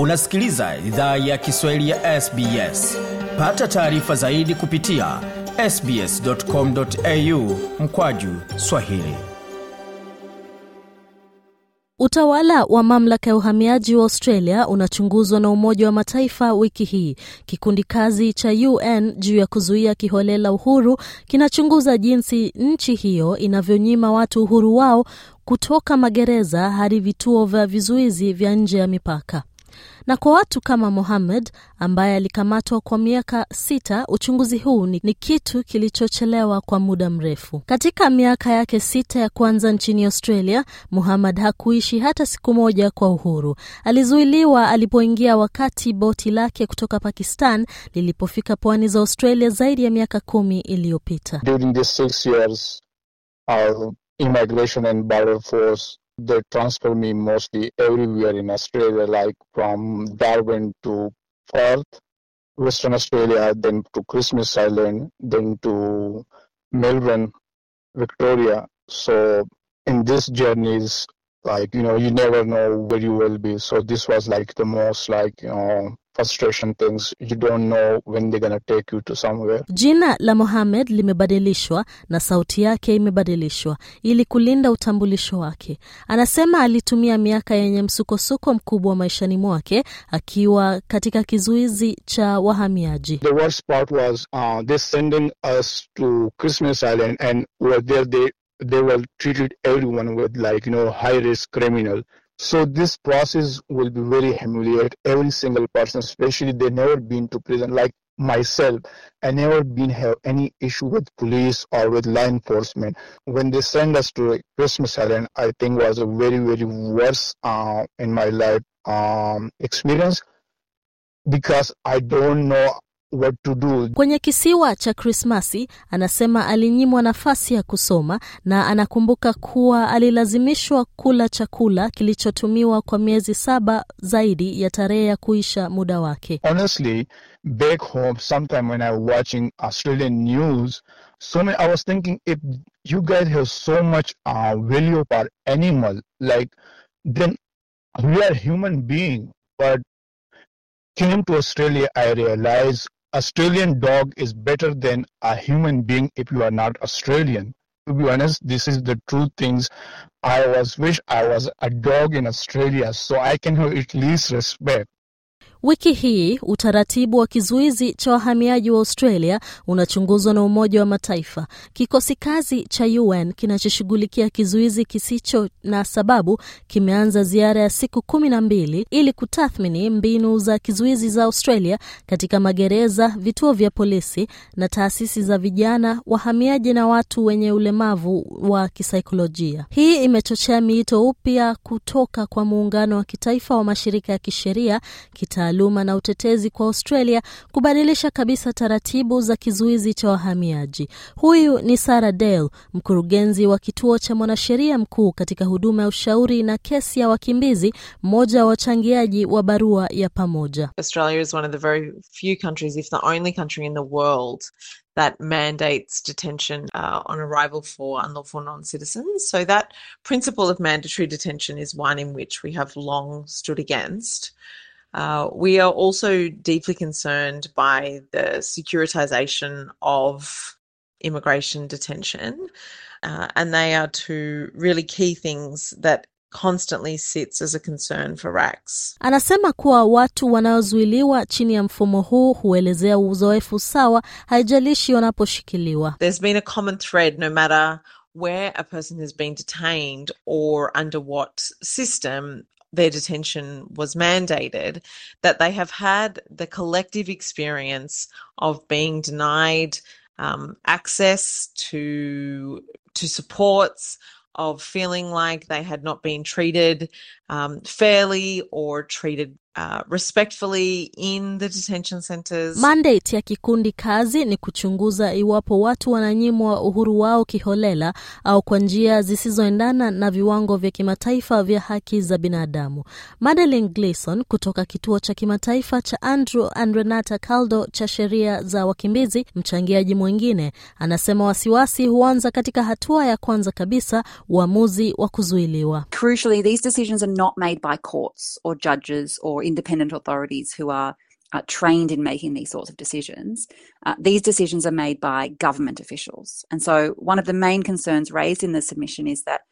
unasikiliza idhaa ya kiswahili ya sbs pata taarifa zaidi kupitia sbscomau mkwaju swahili Utawala wa mamlaka ya uhamiaji wa Australia unachunguzwa na Umoja wa Mataifa wiki hii. Kikundi kazi cha UN juu ya kuzuia kiholela uhuru kinachunguza jinsi nchi hiyo inavyonyima watu uhuru wao kutoka magereza hadi vituo vya vizuizi vya nje ya mipaka. Na kwa watu kama Mohamed ambaye alikamatwa kwa miaka sita, uchunguzi huu ni, ni kitu kilichochelewa kwa muda mrefu. Katika miaka yake sita ya kwanza nchini Australia, Mohamed hakuishi hata siku moja kwa uhuru. Alizuiliwa alipoingia wakati boti lake kutoka Pakistan lilipofika pwani za Australia zaidi ya miaka kumi iliyopita. During these six years, our immigration and border force they transfer me mostly everywhere in Australia, like from Darwin to Perth, Western Australia, then to Christmas Island, then to Melbourne, Victoria. So in this journey is like, you know, you never know where you will be. So this was like the most like, you know, frustration things you don't know when they're gonna take you to somewhere. Jina la Mohamed limebadilishwa na sauti yake imebadilishwa ili kulinda utambulisho wake. Anasema alitumia miaka yenye msukosuko mkubwa maishani mwake akiwa katika kizuizi cha wahamiaji. The worst part was uh, they sending us to Christmas Island and were there they they were treated everyone with like you know high risk criminal So this process will be very humiliate every single person, especially they never been to prison like myself. I never been have any issue with police or with law enforcement. When they send us to Christmas Island, I think was a very very worst uh, in my life um, experience because I don't know what to do. Kwenye kisiwa cha Krismasi anasema alinyimwa nafasi ya kusoma na anakumbuka kuwa alilazimishwa kula chakula kilichotumiwa kwa miezi saba zaidi ya tarehe ya kuisha muda wake. Honestly, back home sometime when I watching Australian news so many, I was thinking if you guys have so much uh, value animal like then we are human being but came to Australia I realized Australian dog is better than a human being if you are not Australian. To be honest, this is the true things. I was wish I was a dog in Australia so I can have at least respect. Wiki hii utaratibu wa kizuizi cha wahamiaji wa Australia unachunguzwa na Umoja wa Mataifa. Kikosi kazi cha UN kinachoshughulikia kizuizi kisicho na sababu kimeanza ziara ya siku kumi na mbili ili kutathmini mbinu za kizuizi za Australia katika magereza, vituo vya polisi na taasisi za vijana, wahamiaji na watu wenye ulemavu wa kisaikolojia. Hii imechochea miito upya kutoka kwa muungano wa kitaifa wa mashirika ya kisheria kita taaluma na utetezi kwa Australia kubadilisha kabisa taratibu za kizuizi cha wahamiaji. Huyu ni Dale, mkurugenzi wa kituo cha mwanasheria mkuu katika huduma ya ushauri na kesi ya wakimbizi, mmoja wa wachangiaji wa barua ya pamoja. Australia is one of the very few countries, if the only country in the world that mandates detention uh, on arrival for unlawful non citizens. So, that principle of mandatory detention is one in which we have long stood against. Uh, we are also deeply concerned by the securitization of immigration detention. Uh, and they are two really key things that constantly sits as a concern for RACs. Anasema kuwa watu wanaozuiliwa chini ya mfumo huu huelezea uzoefu sawa haijalishi wanaposhikiliwa. There's been a common thread no matter where a person has been detained or under what system their detention was mandated, that they have had the collective experience of being denied um, access to to supports, of feeling like they had not been treated um, fairly or treated uh, respectfully in the detention centers. Mandate ya kikundi kazi ni kuchunguza iwapo watu wananyimwa uhuru wao kiholela au kwa njia zisizoendana na viwango vya kimataifa vya haki za binadamu. Madeleine Gleason kutoka kituo cha kimataifa cha Andrew and Renata Caldo cha sheria za wakimbizi, mchangiaji mwingine, anasema wasiwasi huanza katika hatua ya kwanza kabisa, uamuzi wa kuzuiliwa. Crucially, these decisions are not made by courts or judges or or independent authorities who are uh, trained in making these sorts of decisions, uh, these decisions are made by government officials. And so, one of the main concerns raised in the submission is that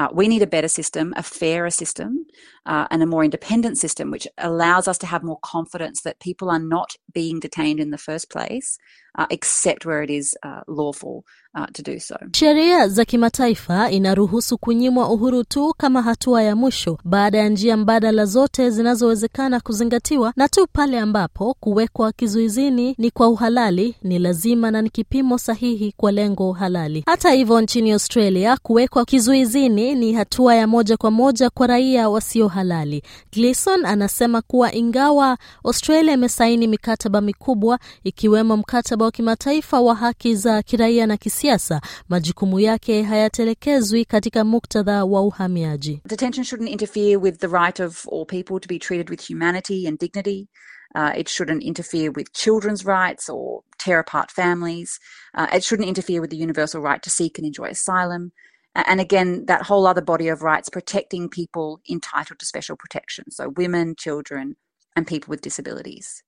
uh, we need a better system, a fairer system, uh, and a more independent system, which allows us to have more confidence that people are not being detained in the first place uh, except where it is uh, lawful uh, to do so. Sheria za kimataifa inaruhusu kunyimwa uhuru tu kama hatua ya mwisho baada ya njia mbadala zote zinazowezekana kuzingatiwa, na tu pale ambapo kuwekwa kizuizini ni kwa uhalali, ni lazima na ni kipimo sahihi kwa lengo halali. Hata hivyo, nchini Australia kuwekwa kizuizini ni hatua ya moja kwa moja kwa raia wasio halali. Gleason anasema kuwa ingawa Australia imesaini mikataba mikubwa ikiwemo mkataba wa kimataifa wa haki za kiraia na kisiasa, majukumu yake hayatelekezwi katika muktadha wa uhamiaji. Detention shouldn't interfere with the right of all people to be treated with humanity and dignity. Uh, it shouldn't interfere with children's rights or tear apart families. Uh, it shouldn't interfere with the universal right to seek and enjoy asylum. And again, that whole other body of rights protecting people entitled to special protection. So, women, children, and people with disabilities.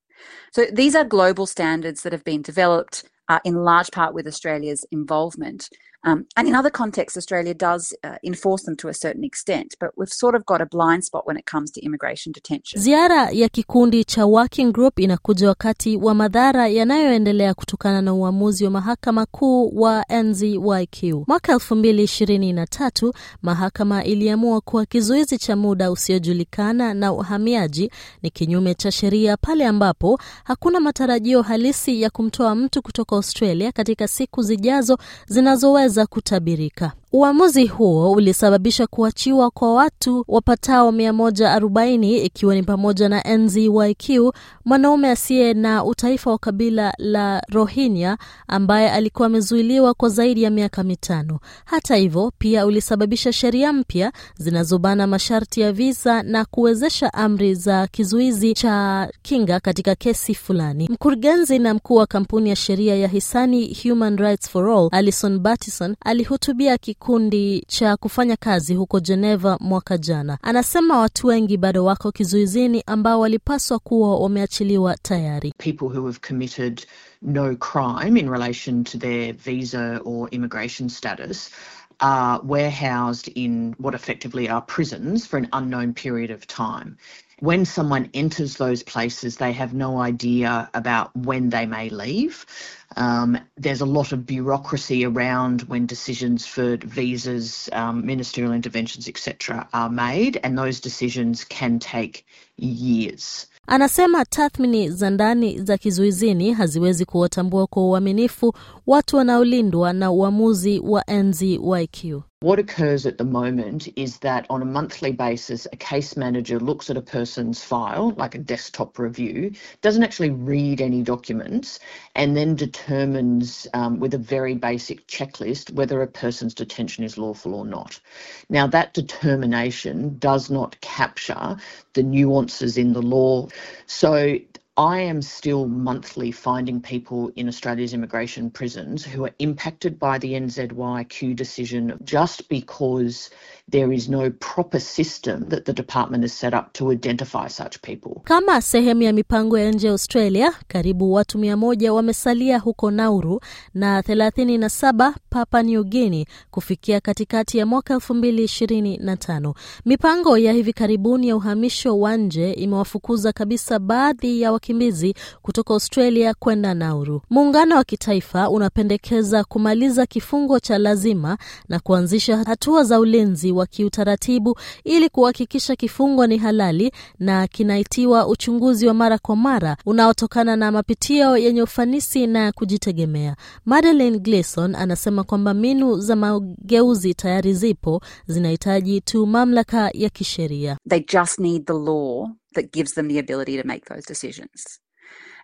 So these are global standards that have been developed uh, in large part with Australia's involvement. Um, and in other contexts, Australia does uh, enforce them to a certain extent, but we've sort of got a blind spot when it comes to immigration detention. Ziara ya kikundi cha working group inakuja wakati wa madhara yanayoendelea kutokana na uamuzi wa mahakama kuu wa NZYQ. Mwaka 2023 mahakama iliamua kuwa kizuizi cha muda usiojulikana na uhamiaji ni kinyume cha sheria pale ambapo hakuna matarajio halisi ya kumtoa mtu kutoka Australia katika siku zijazo zinazoweza za kutabirika. Uamuzi huo ulisababisha kuachiwa kwa watu wapatao 140 ikiwa ni pamoja na NZYQ, mwanaume asiye na utaifa wa kabila la Rohingya ambaye alikuwa amezuiliwa kwa zaidi ya miaka mitano. Hata hivyo, pia ulisababisha sheria mpya zinazobana masharti ya visa na kuwezesha amri za kizuizi cha kinga katika kesi fulani. Mkurugenzi na mkuu wa kampuni ya sheria ya hisani Human Rights for All, Alison Battison alihutubia kikundi cha kufanya kazi huko Geneva mwaka jana. Anasema watu wengi bado wako kizuizini ambao walipaswa kuwa wameachiliwa tayari. People who have committed no crime in relation to their visa or immigration status are warehoused in what effectively are prisons for an unknown period of time when someone enters those places, they have no idea about when they may leave. Um, there's a lot of bureaucracy around when decisions for visas, um, ministerial interventions, etc., are made, and those decisions can take years. Anasema tathmini za ndani za kizuizini haziwezi kuwatambua kwa uaminifu watu wanaolindwa na uamuzi wa NZYQ. What occurs at the moment is that on a monthly basis, a case manager looks at a person's file, like a desktop review, doesn't actually read any documents, and then determines um, with a very basic checklist whether a person's detention is lawful or not. Now, that determination does not capture the nuances in the law. So, I am still monthly finding people in Australia's immigration prisons who are impacted by the NZYQ decision just because there is no proper system that the department has set up to identify such people. Kama sehemu ya mipango ya nje ya Australia, karibu watu mia moja wamesalia huko Nauru na 37 Papua New Guinea kufikia katikati ya mwaka 2025. Mipango ya hivi karibuni ya uhamisho wa nje imewafukuza kabisa baadhi ya waki wakimbizi kutoka Australia kwenda Nauru. Muungano wa kitaifa unapendekeza kumaliza kifungo cha lazima na kuanzisha hatua za ulinzi wa kiutaratibu ili kuhakikisha kifungo ni halali na kinaitiwa uchunguzi wa mara kwa mara unaotokana na mapitio yenye ufanisi na ya kujitegemea. Madeleine Gleeson anasema kwamba mbinu za mageuzi tayari zipo, zinahitaji tu mamlaka ya kisheria. They just need the law that gives them the ability to make those decisions.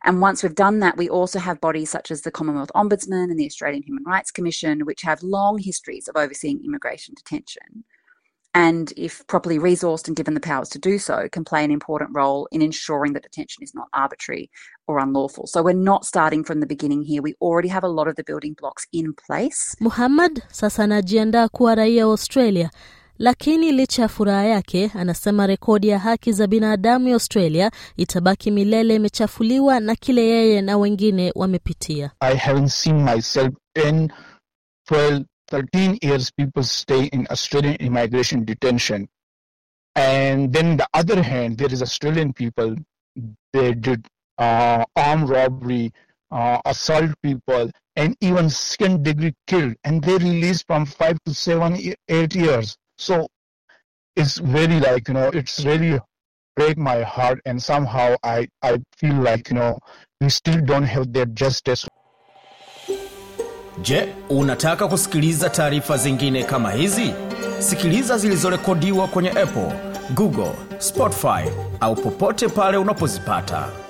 And once we've done that, we also have bodies such as the Commonwealth Ombudsman and the Australian Human Rights Commission, which have long histories of overseeing immigration detention. And if properly resourced and given the powers to do so, can play an important role in ensuring that detention is not arbitrary or unlawful. So we're not starting from the beginning here. We already have a lot of the building blocks in place. Muhammad sasa anajiandaa Australia Lakini licha ya furaha yake, anasema rekodi ya haki za binadamu ya Australia itabaki milele imechafuliwa na kile yeye na wengine wamepitia. I haven't seen myself 10, 12, 13 years people stay in Australian immigration detention. And then the other hand, there is Australian people, they did uh, armed robbery, uh, assault people, and even second degree killed, and they released from five to seven, eight years. So it's really like, you know, it's really break my heart and somehow I, I feel like, you know, we still don't have that justice. Je, unataka kusikiliza taarifa zingine kama hizi? Sikiliza zilizorekodiwa kwenye Apple, Google, Spotify au popote pale unapozipata.